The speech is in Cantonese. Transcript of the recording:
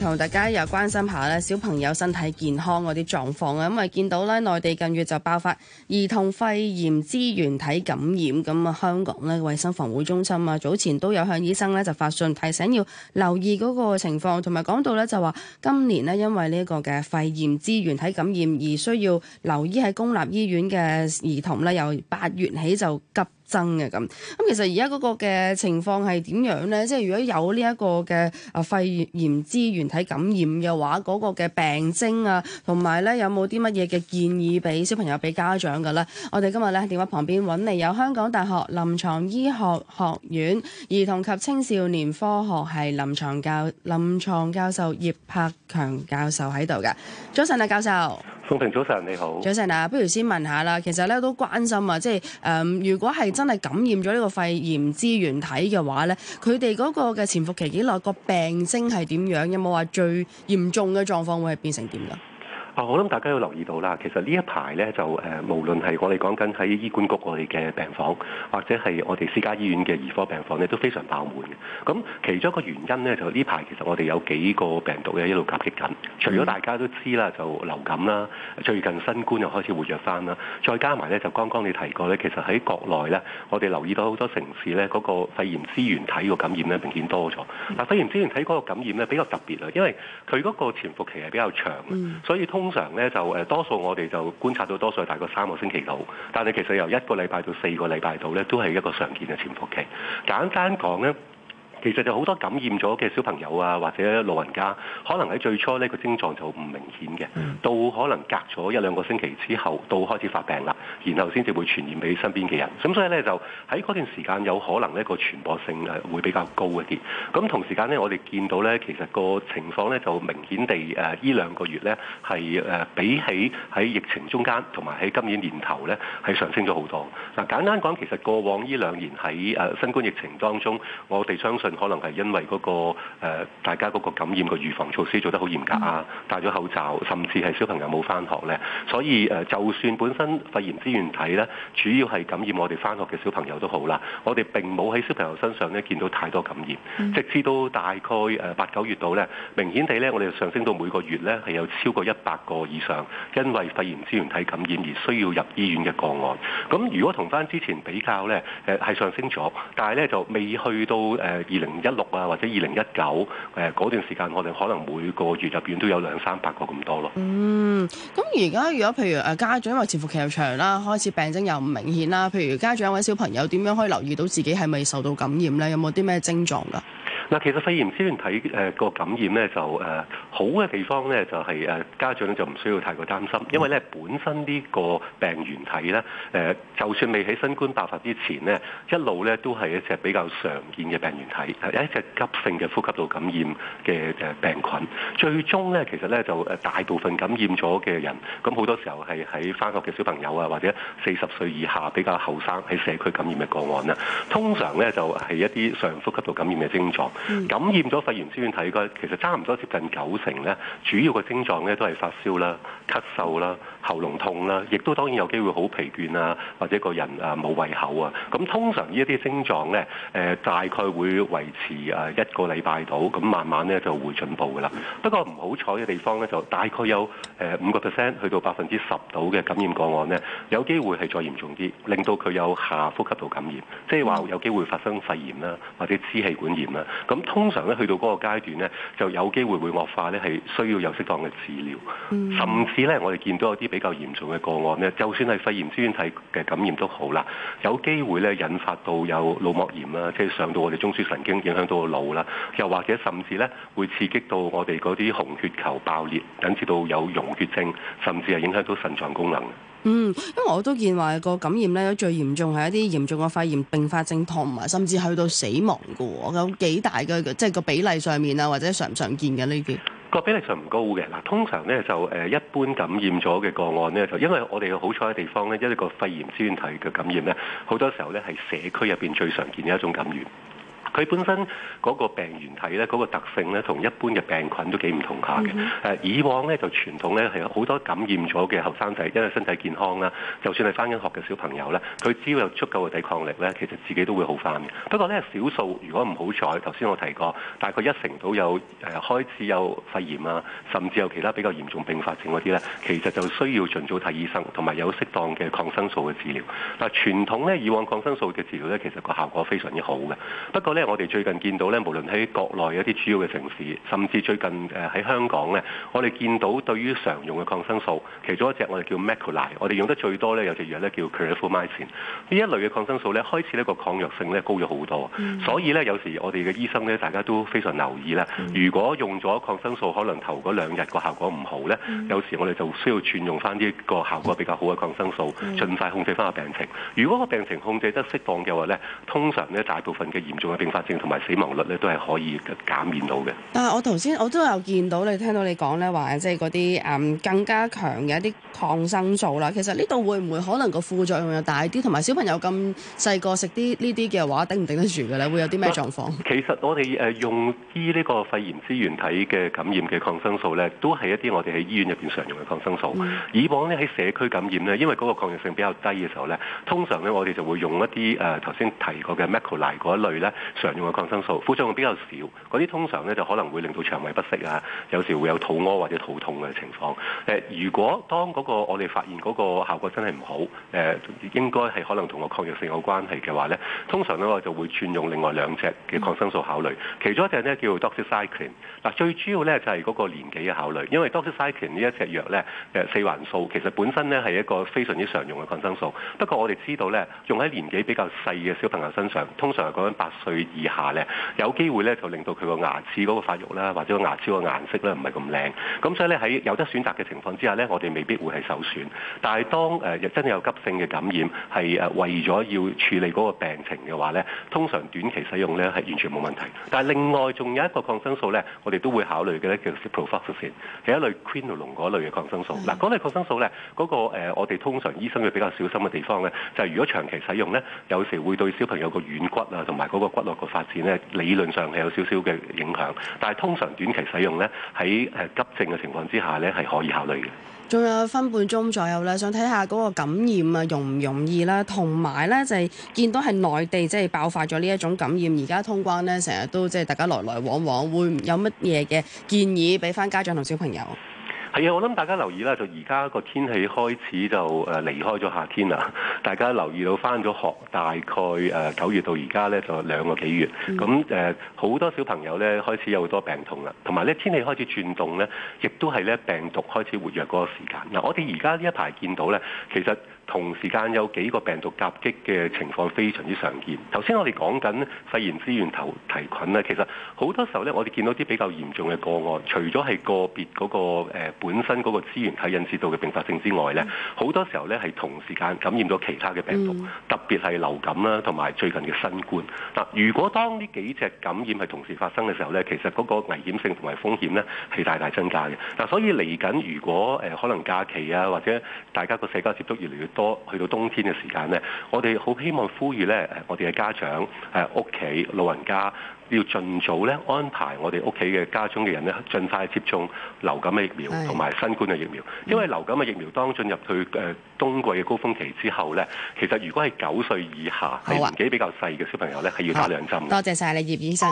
同大家又關心下咧小朋友身體健康嗰啲狀況啊，因為見到咧內地近月就爆發兒童肺炎支原體感染，咁啊香港呢衛生防護中心啊早前都有向醫生咧就發信提醒，要留意嗰個情況，同埋講到咧就話今年呢因為呢個嘅肺炎支原體感染而需要留醫喺公立醫院嘅兒童咧，由八月起就急。真嘅咁，咁其實而家嗰個嘅情況係點樣呢？即係如果有呢一個嘅啊肺炎支原體感染嘅話，嗰、嗰個嘅病徵啊，同埋咧有冇啲乜嘢嘅建議俾小朋友、俾家長㗎啦？我哋今日咧喺電話旁邊揾嚟有香港大學臨床醫學學院兒童及青少年科學系臨床教臨牀教授葉柏強教授喺度嘅，早晨啊，教授。宋平早晨，你好。早晨啊，不如先問下啦。其實咧都關心啊，即係誒，如果係真係感染咗呢個肺炎支原體嘅話咧，佢哋嗰個嘅潛伏期幾耐？個病徵係點樣，有冇話最嚴重嘅狀況會係變成點㗎？我諗大家要留意到啦，其實呢一排呢，就誒，無論係我哋講緊喺醫管局我哋嘅病房，或者係我哋私家醫院嘅兒科病房呢都非常爆滿嘅。咁其中一個原因呢，就呢排其實我哋有幾個病毒嘅一路夾擊緊。除咗大家都知啦，就流感啦，最近新冠又開始活躍翻啦，再加埋呢，就剛剛你提過呢，其實喺國內呢，我哋留意到好多城市呢，嗰個肺炎支原體個感染呢明顯多咗。嗱，肺炎支原體嗰個感染呢比較特別啦，因為佢嗰個潛伏期係比較長，所以通通常咧就誒、呃、多數我哋就觀察到，多數係大概三個星期度，但係其實由一個禮拜到四個禮拜度咧都係一個常見嘅潛伏期。簡單講咧。其實就好多感染咗嘅小朋友啊，或者老人家，可能喺最初呢個症狀就唔明顯嘅，到可能隔咗一兩個星期之後，到開始發病啦，然後先至會傳染俾身邊嘅人。咁所以呢，就喺嗰段時間有可能呢個傳播性會比較高一啲。咁同時間呢，我哋見到呢，其實個情況呢，就明顯地、啊、呢兩個月呢，係、啊、比起喺疫情中間同埋喺今年年頭呢，係上升咗好多。嗱簡單講，其實過往呢兩年喺新冠疫情當中，我哋相信。可能係因為、嗰個誒、大家個感染個預防措施做得好嚴格啊，mm. 戴咗口罩，甚至係小朋友冇翻學呢。所以就算本身肺炎支原體呢，主要係感染我哋翻學嘅小朋友都好啦，我哋並冇喺小朋友身上呢，見到太多感染，mm. 直至到大概誒八九月度呢，明顯地呢，我哋上升到每個月呢係有超過一百個以上，因為肺炎支原體感染而需要入醫院嘅個案。咁如果同翻之前比較呢，係上升咗，但係呢就未去到誒零一六啊，或者二零一九，誒嗰段時間，我哋可能每個月入院都有兩三百個咁多咯。嗯，咁而家如果譬如誒、呃、家長，因為潛伏期又長啦，開始病徵又唔明顯啦，譬如家長位小朋友點樣可以留意到自己係咪受到感染咧？有冇啲咩症狀噶？嗱，其實肺炎支原體誒個、呃、感染咧就誒。呃好嘅地方咧，就係誒家長咧就唔需要太過擔心，因為咧本身呢個病原體咧，就算未喺新冠爆發之前咧，一路咧都係一隻比較常見嘅病原體，一隻急性嘅呼吸道感染嘅病菌。最終咧，其實咧就大部分感染咗嘅人，咁好多時候係喺翻學嘅小朋友啊，或者四十歲以下比較後生喺社區感染嘅個案啦。通常咧就係、是、一啲上呼吸道感染嘅症狀，感染咗肺炎支原體，佢其實差唔多接近九。成咧，主要嘅症狀咧都係發燒啦、咳嗽啦、喉嚨痛啦，亦都當然有機會好疲倦啊，或者個人啊冇胃口啊。咁通常呢一啲症狀咧，誒大概會維持誒一個禮拜到，咁慢慢咧就會進步噶啦。不過唔好彩嘅地方咧就大概有誒五個 percent 去到百分之十度嘅感染個案咧，有機會係再嚴重啲，令到佢有下呼吸道感染，即係話有機會發生肺炎啦，或者支氣管炎啦。咁通常咧去到嗰個階段咧，就有機會會惡化。咧係需要有適當嘅治療，甚至咧我哋見到有啲比較嚴重嘅個案咧，就算係肺炎支原體嘅感染都好啦，有機會咧引發到有腦膜炎啦，即係上到我哋中樞神經，影響到個腦啦，又或者甚至咧會刺激到我哋嗰啲紅血球爆裂，引致到有溶血症，甚至係影響到腎臟功能。嗯，因為我都見話個感染咧，最嚴重係一啲嚴重嘅肺炎併發症，同埋甚至去到死亡嘅，有幾大嘅即係個比例上面啊，或者常唔常見嘅呢啲？個比例上唔高嘅，嗱，通常咧就誒一般感染咗嘅個案咧，就因為我哋好彩嘅地方咧，因為個肺炎支原體嘅感染咧，好多時候咧係社區入邊最常見嘅一種感染。佢本身嗰個病原體咧，嗰個特性咧，同一般嘅病菌都幾唔同下嘅。誒，以往咧就傳統咧係有好多感染咗嘅後生仔，因為身體健康啦，就算係翻緊學嘅小朋友咧，佢只要有足夠嘅抵抗力咧，其實自己都會好翻嘅。不過咧，少數如果唔好彩，頭先我提過，大概一成到有誒開始有肺炎啊，甚至有其他比較嚴重併發症嗰啲咧，其實就需要儘早睇醫生，同埋有適當嘅抗生素嘅治療。嗱，傳統咧，以往抗生素嘅治療咧，其實個效果非常之好嘅。不過咧，即係我哋最近見到咧，無論喺國內一啲主要嘅城市，甚至最近誒喺香港咧，我哋見到對於常用嘅抗生素，其中一隻我哋叫 Macrolide，我哋用得最多咧有隻藥咧叫 Clarithromycin。呢一類嘅抗生素咧，開始呢個抗藥性咧高咗好多，所以咧有時我哋嘅醫生咧大家都非常留意啦。如果用咗抗生素可能頭嗰兩日個效果唔好咧，嗯、有時我哋就需要轉用翻呢個效果比較好嘅抗生素，盡快控制翻個病情。如果個病情控制得適當嘅話咧，通常咧大部分嘅嚴重嘅病發症同埋死亡率咧都係可以減免到嘅。但係我頭先我都有見到你聽到你講咧話，即係嗰啲誒更加強嘅一啲抗生素啦。其實呢度會唔會可能個副作用又大啲，同埋小朋友咁細個食啲呢啲嘅話，頂唔頂得住嘅咧？會有啲咩狀況？其實我哋誒用醫呢個肺炎支原體嘅感染嘅抗生素咧，都係一啲我哋喺醫院入邊常用嘅抗生素。以往咧喺社區感染咧，因為嗰個抗藥性比較低嘅時候咧，通常咧我哋就會用一啲誒頭先提過嘅 macrolide 嗰一類咧。常用嘅抗生素，副作用比較少。嗰啲通常咧就可能會令到腸胃不適啊，有時候會有肚屙或者肚痛嘅情況。誒，如果當嗰個我哋發現嗰個效果真係唔好，誒應該該係可能同個抗藥性有關係嘅話咧，通常咧我就會轉用另外兩隻嘅抗生素考慮，其中一隻呢叫 Doxycycline 嗱，最主要咧就係嗰個年紀嘅考慮，因為 Doxycycline 呢一隻藥咧誒四環素其實本身咧係一個非常之常用嘅抗生素，不過我哋知道咧用喺年紀比較細嘅小朋友身上，通常係講緊八歲。以下呢，有機會呢，就令到佢個牙齒嗰個發育啦，或者個牙齒個顏色呢，唔係咁靚。咁所以呢，喺有得選擇嘅情況之下呢，我哋未必會係首選。但係當、呃、真係有急性嘅感染係誒為咗要處理嗰個病情嘅話呢，通常短期使用呢係完全冇問題。但係另外仲有一個抗生素呢，我哋都會考慮嘅咧叫 ciprofloxacin 係一類 quinolone 嗰類嘅抗生素。嗱，嗰類抗生素呢，嗰、那個、呃、我哋通常醫生會比較小心嘅地方咧，就係、是、如果長期使用咧，有時會對小朋友個軟骨啊同埋嗰個骨個發展咧理論上係有少少嘅影響，但係通常短期使用咧喺誒急症嘅情況之下咧係可以考慮嘅。仲有分半鐘左右啦，想睇下嗰個感染啊容唔容易啦，同埋咧就係、是、見到係內地即係爆發咗呢一種感染，而家通關咧，成日都即係、就是、大家來來往往會有乜嘢嘅建議俾翻家長同小朋友？係啊，我諗大家留意啦，就而家個天氣開始就誒離開咗夏天啦。大家留意到翻咗學，大概誒九月到而家咧就兩個幾月。咁誒好多小朋友咧開始有好多病痛啦，同埋咧天氣開始轉凍咧，亦都係咧病毒開始活躍嗰個時間。嗱，我哋而家呢一排見到咧，其實，同時間有幾個病毒夾擊嘅情況非常之常見。頭先我哋講緊肺炎支原體提菌咧，其實好多時候咧，我哋見到啲比較嚴重嘅個案，除咗係個別嗰個誒本身嗰個支原體引致到嘅並發症之外咧，好多時候咧係同時間感染咗其他嘅病毒，特別係流感啦，同埋最近嘅新冠。嗱，如果當呢幾隻感染係同時發生嘅時候咧，其實嗰個危險性同埋風險咧係大大增加嘅。嗱，所以嚟緊如果誒可能假期啊，或者大家個社交接觸越嚟越多多去到冬天嘅時間呢，我哋好希望呼籲呢，我哋嘅家長、屋企老人家要盡早安排我哋屋企嘅家中嘅人呢，盡快接種流感嘅疫苗同埋新冠嘅疫苗，的因為流感嘅疫苗當進入去冬季嘅高峰期之後呢，其實如果係九歲以下係、啊、年紀比較細嘅小朋友呢，係要打兩針、啊、多謝晒，你，葉醫生。